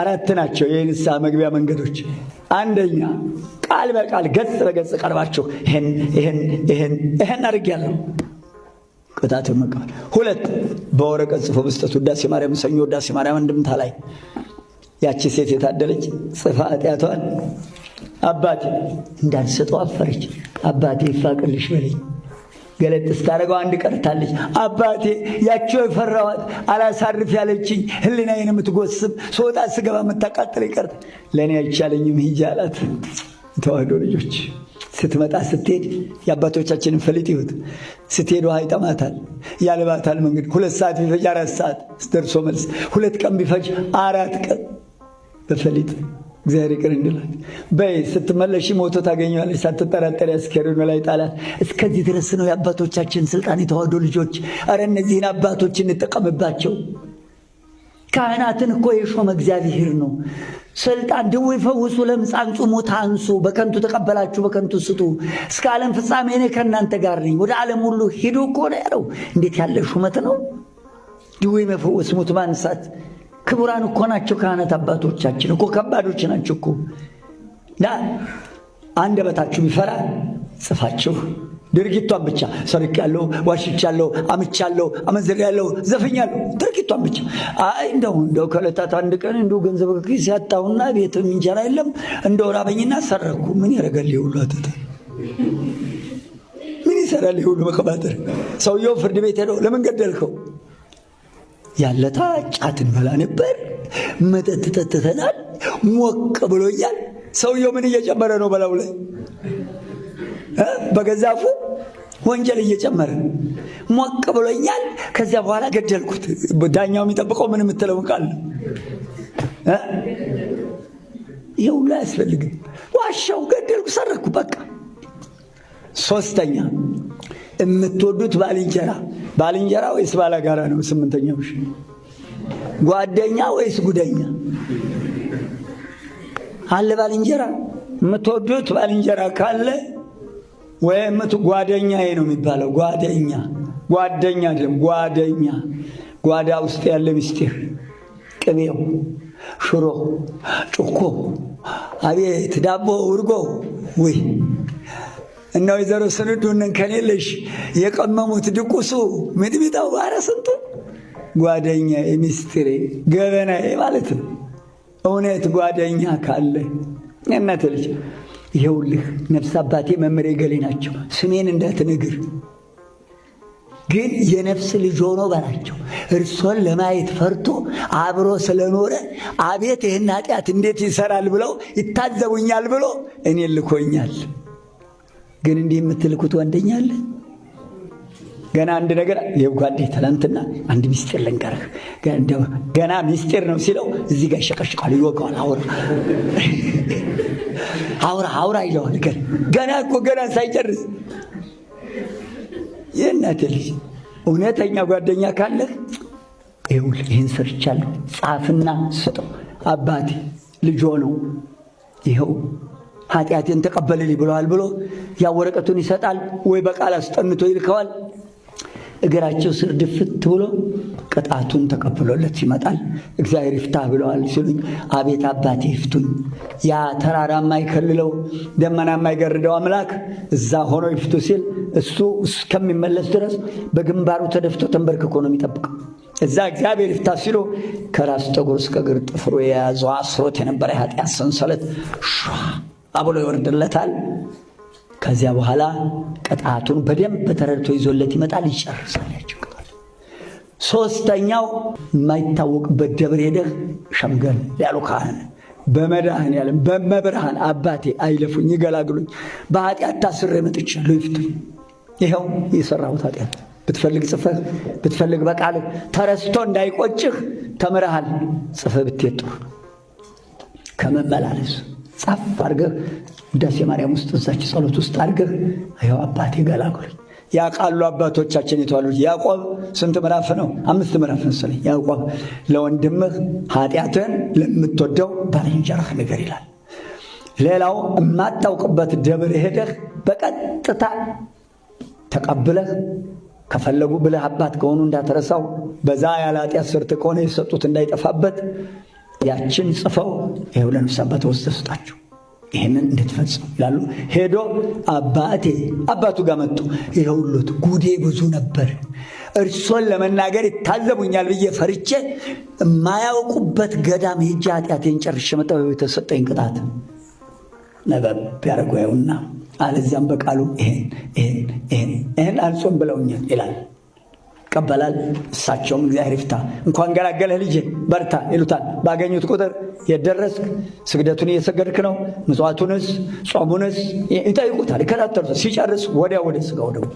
አራት ናቸው የንስሐ መግቢያ መንገዶች። አንደኛ ቃል በቃል ገጽ በገጽ ቀርባችሁ ይህን ይህን ይህን ይህን አድርጌያለሁ ቅጣት መቀበል። ሁለት በወረቀት ጽፎ መስጠት። ውዳሴ ማርያም ሰኞ ውዳሴ ማርያም እንድምታ ላይ ያቺ ሴት የታደለች ጽፋ ኃጢአቷን አባቴ እንዳንሰጠው አፈረች። አባቴ ይፋቅልሽ በለኝ ገለጥ ስታደረገው አንድ ቀርታለች። አባቴ ያቸው የፈራዋት አላሳርፍ ያለችኝ ህሊናዬን የምትጎስብ ሶወጣ ስገባ የምታቃጥል ይቀርት ለእኔ አይቻለኝም ሂጂ አላት። ልጆች ስትመጣ ስትሄድ የአባቶቻችንን ፈሊጥ ይሁት ስትሄድ ውሃ ይጠማታል፣ ያልባታል። መንገድ ሁለት ሰዓት ቢፈጅ አራት ሰዓት ደርሶ መልስ፣ ሁለት ቀን ቢፈጅ አራት ቀን በፈሊጥ እግዚአብሔር ይቅር እንድላት በይ። ስትመለሽ ሞቶ ታገኘዋለች። ሳትጠራጠሪ አስከሬኑ ላይ ጣላት። እስከዚህ ድረስ ነው የአባቶቻችን ስልጣን። የተዋህዶ ልጆች፣ አረ እነዚህን አባቶች እንጠቀምባቸው። ካህናትን እኮ የሾመ እግዚአብሔር ነው። ስልጣን ድዊ ፈውሱ፣ ለምጻን ጹሙ፣ ታንሱ፣ በከንቱ ተቀበላችሁ፣ በከንቱ ስጡ፣ እስከ ዓለም ፍጻሜ እኔ ከእናንተ ጋር ነኝ፣ ወደ ዓለም ሁሉ ሂዱ እኮ ነው ያለው። እንዴት ያለ ሹመት ነው! ድዊ መፈወስ፣ ሙት ማንሳት ክቡራን እኮ ናቸው ካህናት አባቶቻችን እኮ ከባዶች ናቸው እኮ አንድ በታችሁ ቢፈራ ጽፋችሁ ድርጊቷን ብቻ ያለው ዋሽቻለሁ፣ አምቻለሁ፣ አመንዝሬያለሁ፣ ዘፈኛለሁ። ድርጊቷን ብቻ አይ እንደው እንደው ከዕለታት አንድ ቀን እንደው ገንዘብ ኪስ ቤት እንጀራ የለም እንደው ራበኝና ሰረኩ። ምን ያደርጋል ይሁሉ አተተ ምን ይሰራል ይሁሉ መቀባጠር። ሰውየው ፍርድ ቤት ሄደው ለምን ገደልከው ያለታ ጫት እንበላ ነበር፣ መጠጥ ጠጥተናል፣ ሞቅ ብሎኛል። ሰውየው ምን እየጨመረ ነው? በላው ላይ በገዛፉ ወንጀል እየጨመረ ሞቅ ብሎኛል። ከዚያ በኋላ ገደልኩት። ዳኛው የሚጠብቀው ምን የምትለውን ቃል ይህ ሁሉ አያስፈልግም። ዋሻው ገደልኩ፣ ሰረኩ፣ በቃ ሶስተኛ የምትወዱት ባልንጀራ ባልንጀራ ወይስ ባለጋራ ነው? ስምንተኛው ሺ ጓደኛ ወይስ ጉደኛ አለ? ባልንጀራ የምትወዱት ባልንጀራ ካለ ወይም ጓደኛ ነው የሚባለው። ጓደኛ ጓደኛ አይደለም፣ ጓደኛ ጓዳ ውስጥ ያለ ምስጢር ቅቤው፣ ሽሮ፣ ጩኮ፣ አቤት ዳቦ፣ ውርጎ ውይ እና ወይዘሮ ስንዱንን ከሌለሽ የቀመሙት ድቁሱ ሚጥሚጣው ባረ ስንቱ ጓደኛ የሚስጢሬ ገበናዬ ማለት ነው። እውነት ጓደኛ ካለ እናት ልጅ ይኸውልህ፣ ነፍስ አባቴ መምሬ ገሌ ናቸው ስሜን እንዳትንግር ግን የነፍስ ልጅ ሆኖ በላቸው። እርሶን ለማየት ፈርቶ አብሮ ስለኖረ አቤት ይህን ኃጢአት እንዴት ይሰራል ብለው ይታዘቡኛል ብሎ እኔ ልኮኛል። ግን እንዲህ የምትልኩት ወንደኛ አለ። ገና አንድ ነገር የጓዴ ጓዴ አንድ ሚስጢር ልንገርህ፣ ገና ሚስጢር ነው ሲለው እዚህ ጋር ይሸቀሽቃል፣ ይወቀዋል። አውራ አውራ አውራ ይለዋል። ገ ገና እኮ ገና ሳይጨርስ የእናቴ ልጅ እውነተኛ ጓደኛ ካለህ ይኸውልህ ይህን ስርቻለሁ ጻፍና ስጠው። አባቴ ልጆ ነው ይኸው ኃጢአቴን ተቀበልልኝ ብለዋል ብሎ ያ ወረቀቱን ይሰጣል ወይ በቃል አስጠንቶ ይልከዋል። እግራቸው ስር ድፍት ብሎ ቅጣቱን ተቀብሎለት ይመጣል። እግዚአብሔር ይፍታ ብለዋል ሲሉኝ፣ አቤት አባቴ ይፍቱኝ። ያ ተራራ የማይከልለው ደመና የማይገርደው አምላክ እዛ ሆኖ ይፍቱ ሲል እሱ እስከሚመለስ ድረስ በግንባሩ ተደፍቶ ተንበርክኮ ነው የሚጠብቀው። እዛ እግዚአብሔር ይፍታ ሲሉ ከራስ ጠጉር እስከ እግር ጥፍሩ የያዘው አስሮት የነበረ የኃጢአት ሰንሰለት ሸ አብሎ ይወርድለታል። ከዚያ በኋላ ቅጣቱን በደንብ ተረድቶ ይዞለት ይመጣል። ይጨርሳል ቅጣቱ። ሶስተኛው የማይታወቅበት ደብር ሄደህ ሸምገል ያሉ ካህን በመድህን ያለም በመብርሃን አባቴ አይለፉኝ ይገላግሉኝ፣ በኃጢአት ታስሬ መጥቻለሁ ይፍቱኝ። ይኸው የሰራሁት ኃጢአት ብትፈልግ ጽፈህ ብትፈልግ በቃል ተረስቶ እንዳይቆጭህ ተምረሃል። ጽፈህ ብትሄድ ጥሩ ከመመላለስ ጻፍ አድርገህ ውዳሴ ማርያም ውስጥ እዛች ጸሎት ውስጥ አድርገህ ይኸው አባቴ ገላግሉኝ። ያ ቃሉ አባቶቻችን የተዋሉት ያዕቆብ ስንት ምዕራፍ ነው? አምስት ምዕራፍ መሰለኝ። ያዕቆብ ለወንድምህ ኃጢአትን ለምትወደው ባልንጀራህ ንገር ይላል። ሌላው የማታውቅበት ደብር ሄደህ በቀጥታ ተቀብለህ ከፈለጉ ብለህ አባት ከሆኑ እንዳትረሳው፣ በዛ ያለ ኃጢአት ስርት ከሆነ የሰጡት እንዳይጠፋበት ያችን ጽፈው ይኸው ለነፍስ አባት ወስደው ስጣቸው ይህንን እንድትፈጽሙ ይላሉ። ሄዶ አባቴ አባቱ ጋር መጡ። ይኸውሎት ጉዴ ብዙ ነበር፣ እርሶን ለመናገር ይታዘቡኛል ብዬ ፈርቼ የማያውቁበት ገዳም ሄጄ ኃጢአቴን ጨርሼ መጣሁ። የተሰጠኝ ቅጣት ነበብ ያደረገውና አለዚያም በቃሉ ይሄን ይሄን ይሄን ይሄን አልጾም ብለውኛል ይላል። ይቀበላል። እሳቸውም እግዚአብሔር ይፍታ፣ እንኳን ገላገለህ ልጅ በርታ ይሉታል። ባገኙት ቁጥር የደረስ ስግደቱን እየሰገድክ ነው፣ ምጽዋቱንስ፣ ጾሙንስ ይጠይቁታል። ይከታተሉ ሲጨርስ ወዲያ ወደ ስጋው ደግሞ